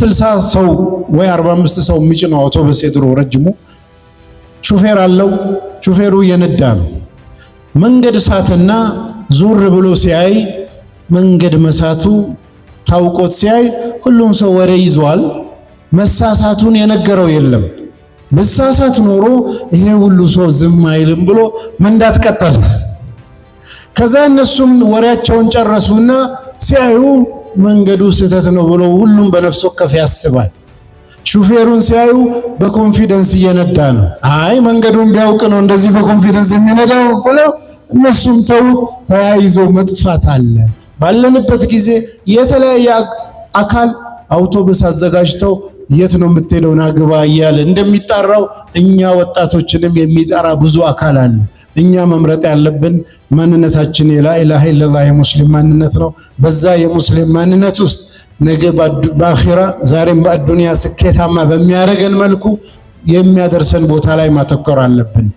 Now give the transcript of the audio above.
ስልሳ ሰው ወይ አርባ አምስት ሰው የሚጭነው አውቶቡስ የድሮ ረጅሙ ሹፌር አለው። ሹፌሩ የነዳ ነው። መንገድ ሳተና ዙር ብሎ ሲያይ መንገድ መሳቱ ታውቆት ሲያይ ሁሉም ሰው ወሬ ይዟል። መሳሳቱን የነገረው የለም። መሳሳት ኖሮ ይሄ ሁሉ ሰው ዝም አይልም ብሎ መንዳት ቀጠለ። ከዛ እነሱም ወሬያቸውን ጨረሱና ሲያዩ መንገዱ ስህተት ነው ብሎ ሁሉም በነፍስ ወከፍ ያስባል። ሹፌሩን ሲያዩ በኮንፊደንስ እየነዳ ነው። አይ መንገዱን ቢያውቅ ነው እንደዚህ በኮንፊደንስ የሚነዳው ብለው እነሱም ተው ተያይዞ መጥፋት አለ። ባለንበት ጊዜ የተለያየ አካል አውቶቡስ አዘጋጅተው የት ነው የምትሄደውን አግባ እያለ እንደሚጣራው እኛ ወጣቶችንም የሚጠራ ብዙ አካል አለ። እኛ መምረጥ ያለብን ማንነታችን የላኢላሀ ኢለላህ የሙስሊም ማንነት ነው። በዛ የሙስሊም ማንነት ውስጥ ነገ በአኺራ ዛሬም በአዱንያ ስኬታማ በሚያደርገን መልኩ የሚያደርሰን ቦታ ላይ ማተኮር አለብን።